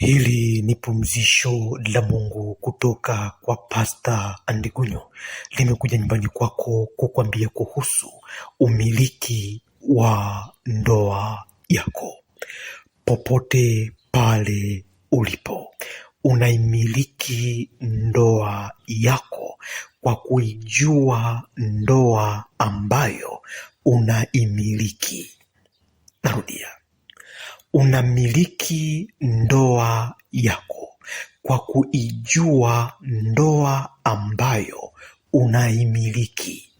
Hili ni pumzisho la Mungu kutoka kwa Pasta Andigunyo, limekuja nyumbani kwako kukwambia kuhusu umiliki wa ndoa yako. Popote pale ulipo, unaimiliki ndoa yako kwa kuijua ndoa ambayo unaimiliki. Narudia, unamiliki ndoa yako kwa kuijua ndoa ambayo unaimiliki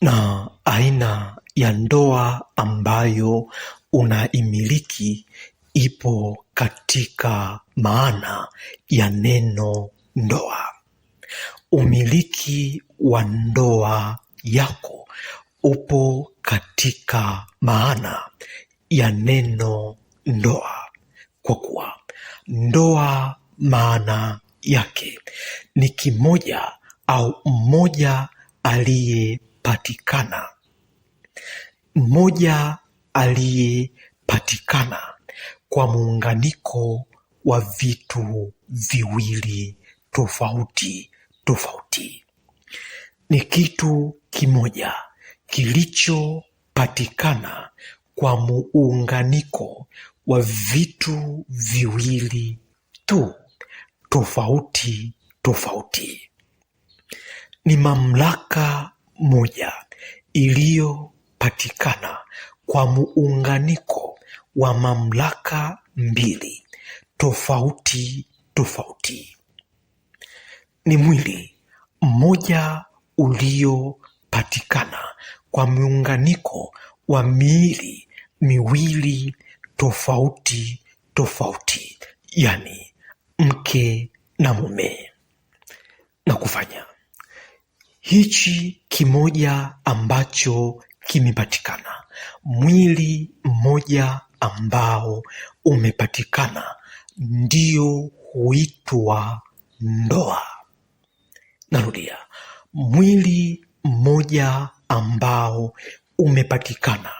na aina ya ndoa ambayo unaimiliki ipo katika maana ya neno ndoa. Umiliki wa ndoa yako upo katika maana ya neno ndoa, kwa kuwa ndoa maana yake ni kimoja au mmoja aliyepatikana, mmoja aliyepatikana kwa muunganiko wa vitu viwili tofauti tofauti. Ni kitu kimoja kilichopatikana kwa muunganiko wa vitu viwili tu tofauti tofauti. Ni mamlaka moja iliyopatikana kwa muunganiko wa mamlaka mbili tofauti tofauti. Ni mwili mmoja uliopatikana kwa muunganiko wa miili miwili tofauti tofauti, yani mke na mume, na kufanya hichi kimoja ambacho kimepatikana, mwili mmoja ambao umepatikana, ndio huitwa ndoa. Narudia, mwili mmoja ambao umepatikana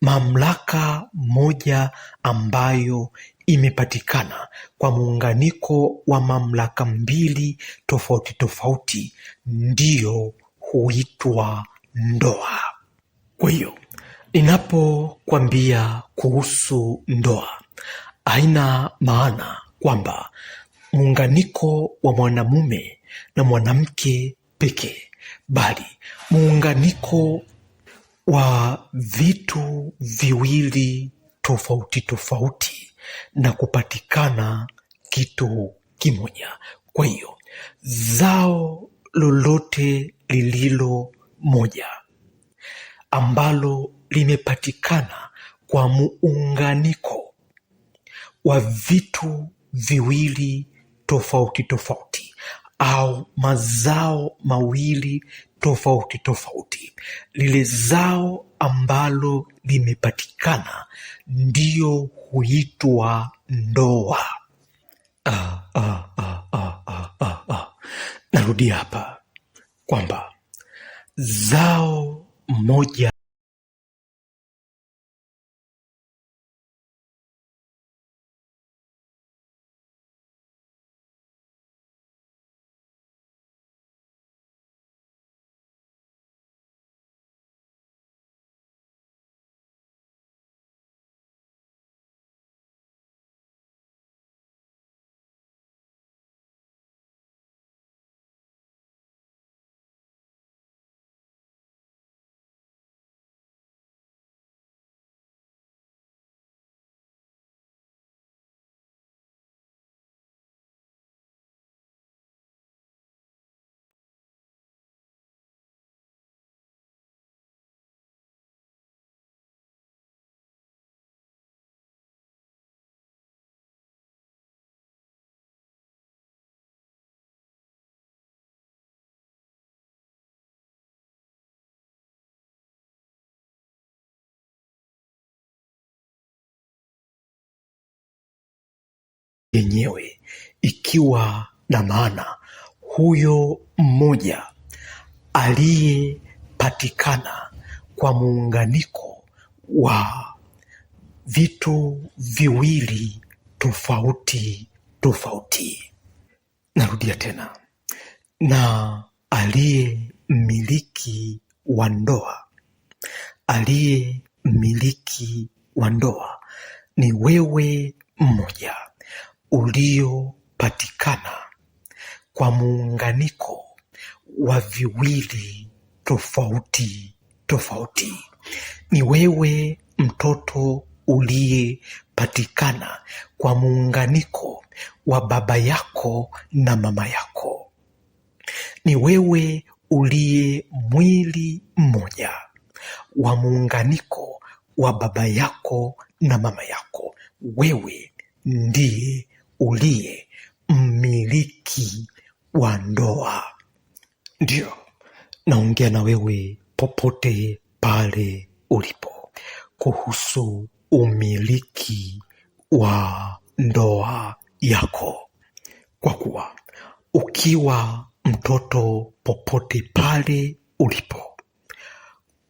Mamlaka moja ambayo imepatikana kwa muunganiko wa mamlaka mbili tofauti tofauti ndiyo huitwa ndoa. Kwa hiyo inapokwambia kuhusu ndoa, haina maana kwamba muunganiko wa mwanamume na mwanamke pekee, bali muunganiko wa vitu viwili tofauti tofauti na kupatikana kitu kimoja. Kwa hiyo zao lolote lililo moja ambalo limepatikana kwa muunganiko wa vitu viwili tofauti tofauti au mazao mawili tofauti tofauti, lile zao ambalo limepatikana ndiyo huitwa ndoa. Ah, ah, ah, ah, ah, ah, ah. Narudi hapa kwamba zao moja yenyewe, ikiwa na maana huyo mmoja aliyepatikana kwa muunganiko wa vitu viwili tofauti tofauti. Narudia tena, na aliye mmiliki wa ndoa, aliye mmiliki wa ndoa ni wewe mmoja uliopatikana kwa muunganiko wa viwili tofauti tofauti. Ni wewe mtoto uliyepatikana kwa muunganiko wa baba yako na mama yako. Ni wewe uliye mwili mmoja wa muunganiko wa baba yako na mama yako. Wewe ndiye uliye mmiliki wa ndoa. ndio naongea na wewe popote pale ulipo kuhusu umiliki wa ndoa yako, kwa kuwa ukiwa mtoto popote pale ulipo,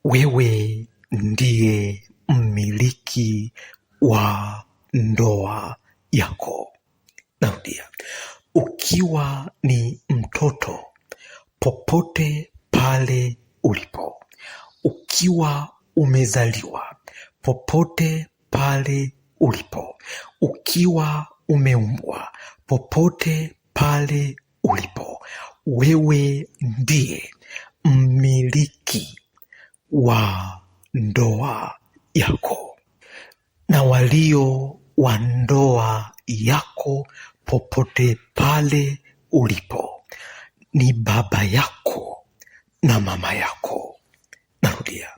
wewe ndiye mmiliki wa ndoa yako. Narudia, ukiwa ni mtoto popote pale ulipo, ukiwa umezaliwa popote pale ulipo, ukiwa umeumbwa popote pale ulipo, wewe ndiye mmiliki wa ndoa yako na walio wa ndoa yako yako popote pale ulipo, ni baba yako na mama yako, narudia,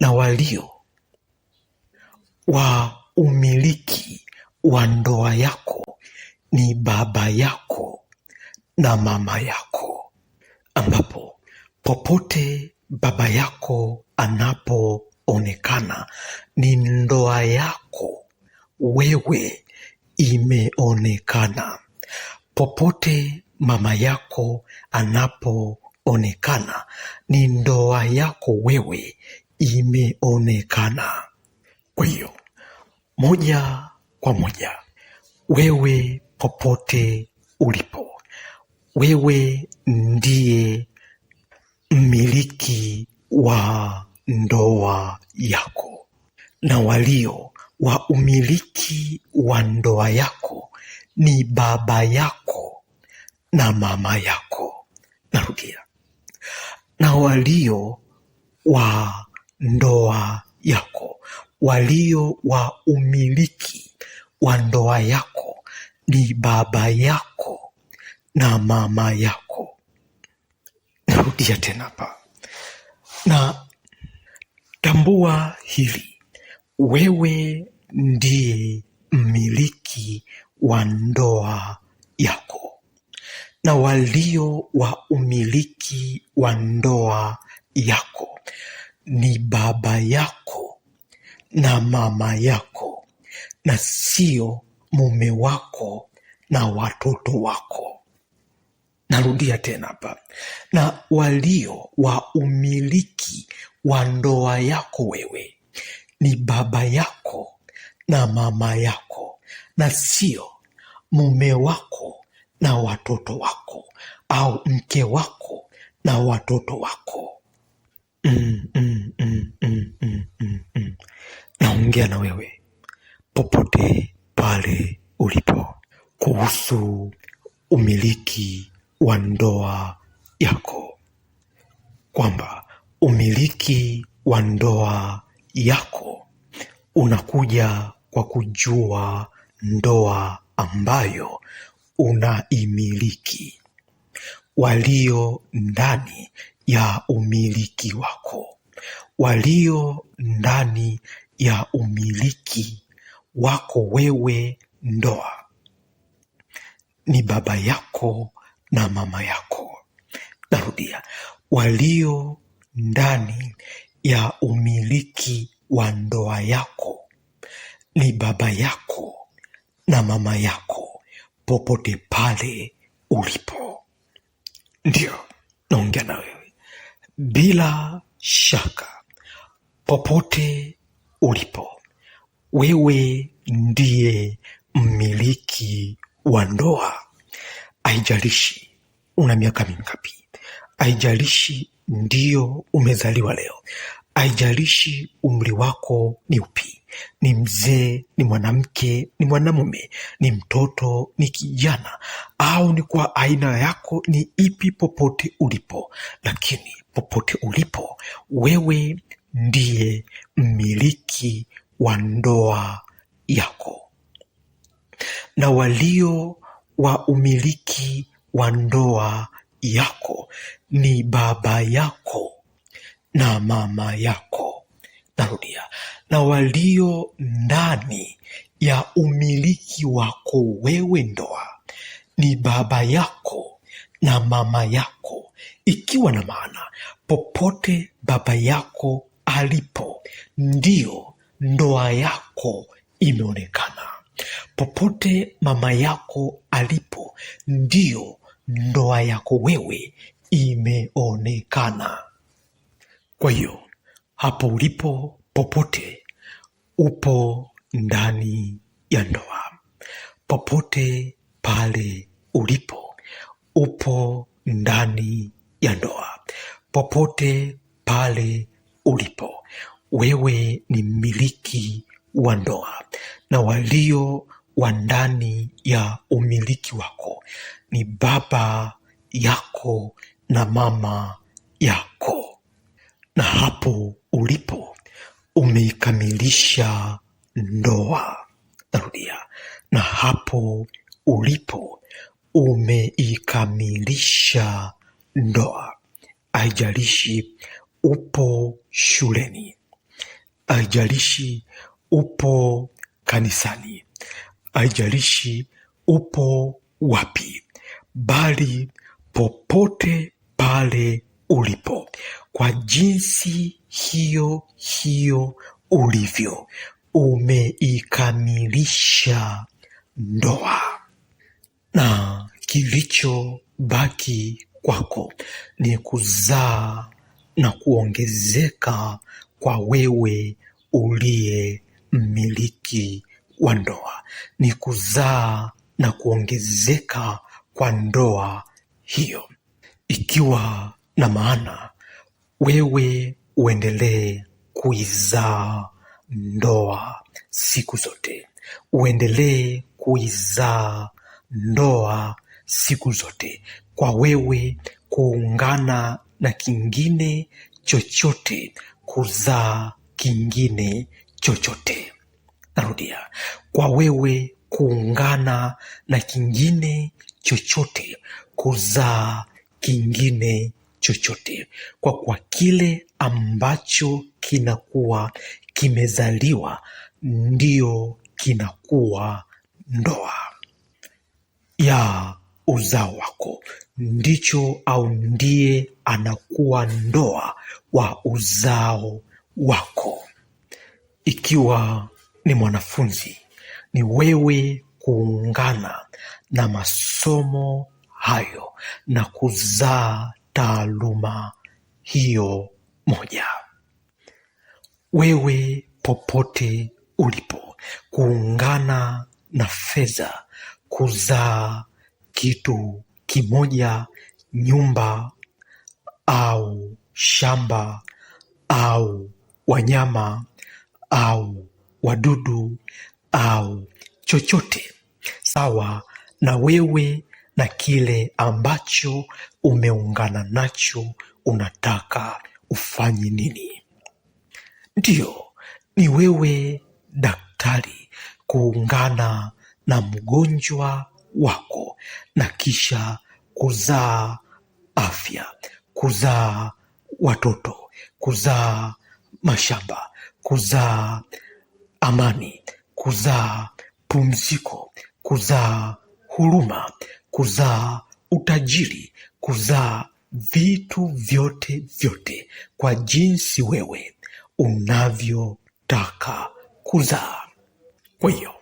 na walio wa umiliki wa ndoa yako ni baba yako na mama yako, ambapo popote baba yako anapoonekana ni ndoa yako wewe imeonekana. Popote mama yako anapoonekana, ni ndoa yako wewe imeonekana. Kwa hiyo moja kwa moja, wewe popote ulipo, wewe ndiye mmiliki wa ndoa yako na walio wa umiliki wa ndoa yako ni baba yako na mama yako. Narudia, na walio wa ndoa yako, walio wa umiliki wa ndoa yako ni baba yako na mama yako. Narudia tena hapa, na tambua hili, wewe ndiye mmiliki wa ndoa yako na walio wa umiliki wa ndoa yako ni baba yako na mama yako, na sio mume wako na watoto wako. Narudia tena hapa, na walio wa umiliki wa ndoa yako wewe ni baba yako na mama yako, na sio mume wako na watoto wako, au mke wako na watoto wako. Mm, mm, mm, Naongea na wewe popote pale ulipo kuhusu umiliki wa ndoa yako, kwamba umiliki wa ndoa yako unakuja kwa kujua ndoa ambayo unaimiliki, walio ndani ya umiliki wako, walio ndani ya umiliki wako wewe. Ndoa ni baba yako na mama yako. Narudia, walio ndani ya umiliki wa ndoa yako ni baba yako na mama yako, popote pale ulipo. Ndiyo naongea na wewe bila shaka, popote ulipo, wewe ndiye mmiliki wa ndoa. Haijalishi una miaka mingapi, haijalishi ndio umezaliwa leo, Haijalishi umri wako ni upi, ni mzee, ni mwanamke, ni mwanamume, ni mtoto, ni kijana, au ni kwa aina yako ni ipi, popote ulipo, lakini popote ulipo wewe ndiye mmiliki wa ndoa yako, na walio wa umiliki wa ndoa yako ni baba yako na mama yako. Narudia, na walio ndani ya umiliki wako wewe, ndoa ni baba yako na mama yako, ikiwa na maana popote baba yako alipo ndiyo ndoa yako imeonekana, popote mama yako alipo ndiyo ndoa yako wewe imeonekana. Kwa hiyo hapo ulipo popote, upo ndani ya ndoa. Popote pale ulipo, upo ndani ya ndoa. Popote pale ulipo, wewe ni mmiliki wa ndoa, na walio wa ndani ya umiliki wako ni baba yako na mama yako na hapo ulipo umeikamilisha ndoa. Narudia, na hapo ulipo umeikamilisha ndoa. Haijalishi upo shuleni, haijalishi upo kanisani, haijalishi upo wapi, bali popote pale ulipo kwa jinsi hiyo hiyo ulivyo, umeikamilisha ndoa, na kilichobaki kwako ni kuzaa na kuongezeka kwa wewe uliye mmiliki wa ndoa, ni kuzaa na kuongezeka kwa ndoa hiyo, ikiwa na maana wewe uendelee kuizaa ndoa siku zote, uendelee kuizaa ndoa siku zote, kwa wewe kuungana na kingine chochote, kuzaa kingine chochote. Narudia, kwa wewe kuungana na kingine chochote, kuzaa kingine chochote, kwa kuwa kile ambacho kinakuwa kimezaliwa ndiyo kinakuwa ndoa ya uzao wako, ndicho au ndiye anakuwa ndoa wa uzao wako. Ikiwa ni mwanafunzi, ni wewe kuungana na masomo hayo na kuzaa taaluma hiyo moja. Wewe popote ulipo, kuungana na fedha kuzaa kitu kimoja, nyumba au shamba au wanyama au wadudu au chochote sawa na wewe na kile ambacho umeungana nacho, unataka ufanye nini? Ndiyo, ni wewe daktari kuungana na mgonjwa wako na kisha kuzaa afya, kuzaa watoto, kuzaa mashamba, kuzaa amani, kuzaa pumziko, kuzaa huruma, kuzaa utajiri, kuzaa vitu vyote vyote kwa jinsi wewe unavyotaka kuzaa. Kwa hiyo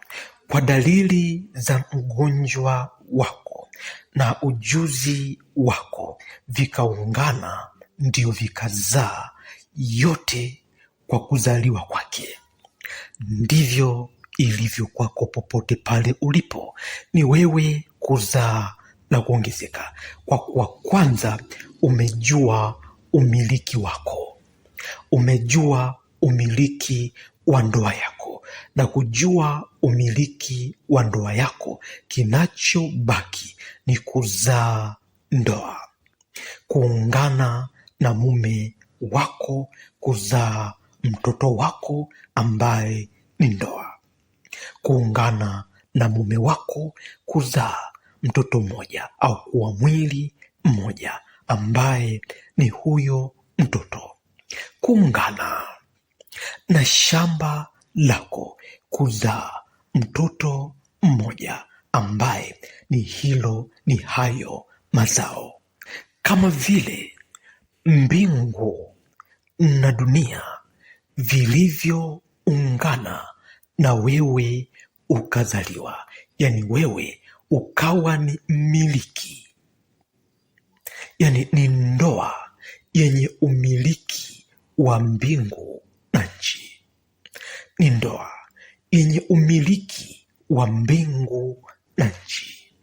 kwa dalili za mgonjwa wako na ujuzi wako vikaungana, ndio vikazaa yote kwa kuzaliwa kwake. Ndivyo ilivyo kwako popote pale ulipo, ni wewe kuzaa na kuongezeka, kwa kuwa kwanza umejua umiliki wako, umejua umiliki wa ndoa yako, na kujua umiliki wa ndoa yako, kinachobaki ni kuzaa ndoa, kuungana na mume wako, kuzaa mtoto wako ambaye ni ndoa, kuungana na mume wako, kuzaa mtoto mmoja au kuwa mwili mmoja ambaye ni huyo mtoto. Kuungana na shamba lako kuzaa mtoto mmoja ambaye ni hilo ni hayo mazao, kama vile mbingu na dunia vilivyoungana na wewe ukazaliwa, yani wewe ukawa ni mmiliki, yaani ni ndoa yenye umiliki wa mbingu na nchi, ni ndoa yenye umiliki wa mbingu na nchi,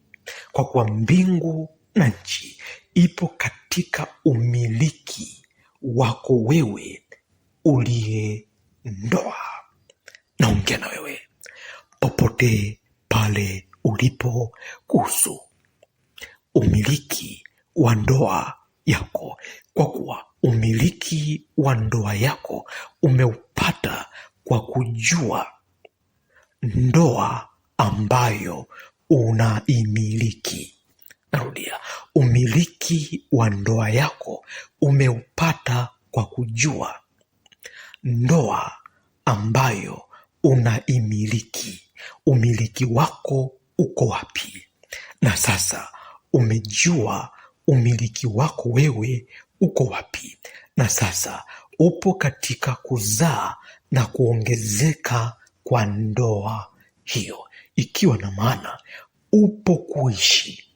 kwa kuwa mbingu na nchi ipo katika umiliki wako wewe uliye ndoa. Naongea na wewe popote pale ulipo kuhusu umiliki wa ndoa yako, kwa kuwa umiliki wa ndoa yako umeupata kwa kujua ndoa ambayo unaimiliki. Narudia, umiliki wa ndoa yako umeupata kwa kujua ndoa ambayo unaimiliki. Umiliki wako uko wapi, na sasa umejua umiliki wako wewe uko wapi, na sasa upo katika kuzaa na kuongezeka kwa ndoa hiyo, ikiwa na maana upo kuishi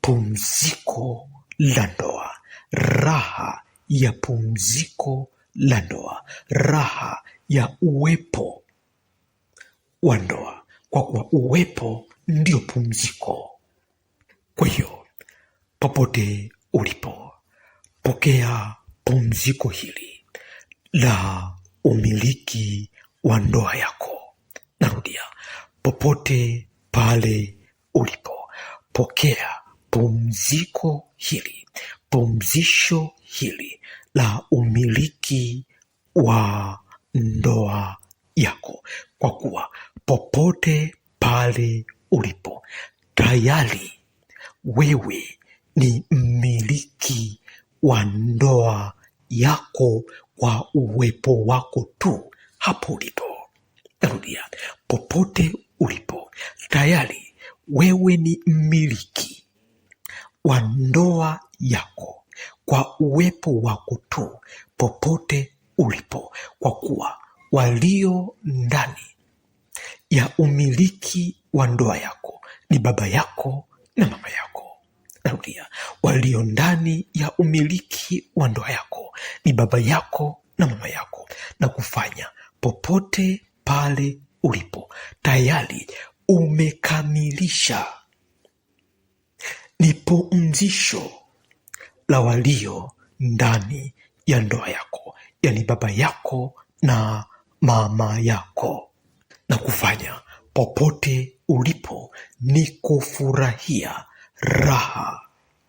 pumziko la ndoa, raha ya pumziko la ndoa, raha ya uwepo wa ndoa, kwa kuwa uwepo ndio pumziko. Kwa hiyo popote ulipo, pokea pumziko hili la umiliki wa ndoa yako. Narudia, popote pale ulipo, pokea pumziko hili, pumzisho hili la umiliki wa ndoa yako, kwa kuwa popote pale ulipo. Tayari wewe ni mmiliki wa ndoa yako kwa uwepo wako tu hapo ulipo. Narudia, popote ulipo, tayari wewe ni mmiliki wa ndoa yako kwa uwepo wako tu popote ulipo, kwa kuwa walio ndani ya umiliki wa ndoa yako ni baba yako na mama yako. Narudia, walio ndani ya umiliki wa ndoa yako ni baba yako na mama yako, na kufanya popote pale ulipo tayari umekamilisha ni pumzisho la walio ndani ya ndoa yako, yaani baba yako na mama yako na kufanya popote ulipo ni kufurahia raha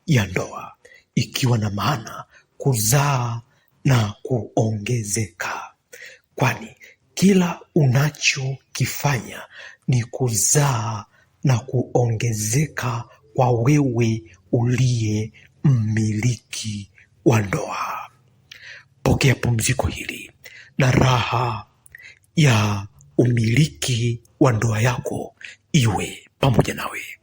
ya ndoa, ikiwa na maana kuzaa na kuongezeka, kwani kila unachokifanya ni kuzaa na kuongezeka kwa wewe uliye mmiliki wa ndoa. Pokea pumziko hili na raha ya umiliki wa ndoa yako iwe pamoja nawe.